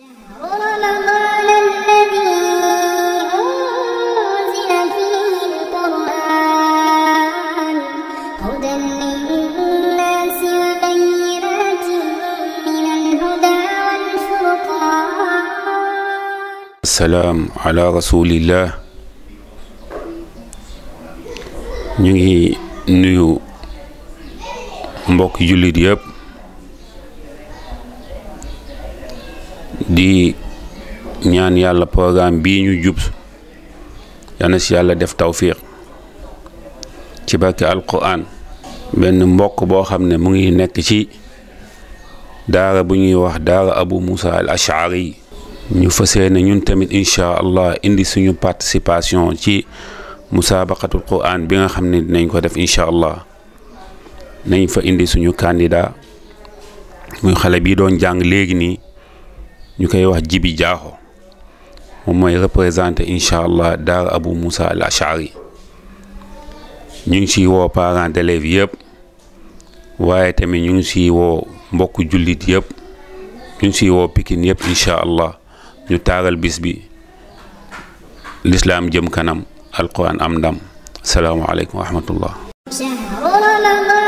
رمضان الذي أنزل فيه القرآن هدى للناس وبينات من الهدى السلام على رسول الله نيو نيو nuyu mbokk jullit di ñaan yàlla programme bii ñu jub yal si yàlla def tawfiq ci barke alquran benn mbokk boo xam ne mu ngi nekk ci daara bu ñuy wax daara abu moussa al ashari ñu fas ne ñun tamit incha allah indi suñu participation ci musaabaqatul quran bi nga xam ne dinañ ko def incha allah nañ fa indi suñu candidat muy xale bi doon jàng léegi nii ñu koy wax Jibi Jaaxo moom mooy représenté incha allah daara Abu Moussa al Ashari ñu ngi siy woo parents d'élèves yëpp waaye tamit ñu ngi siy woo mbokku jullit yëpp ñu ngi siy woo Pikine yëpp incha allah ñu taaral bis bi lislaam jëm kanam alquran am ndam salaamaaleykum wa rahmatullah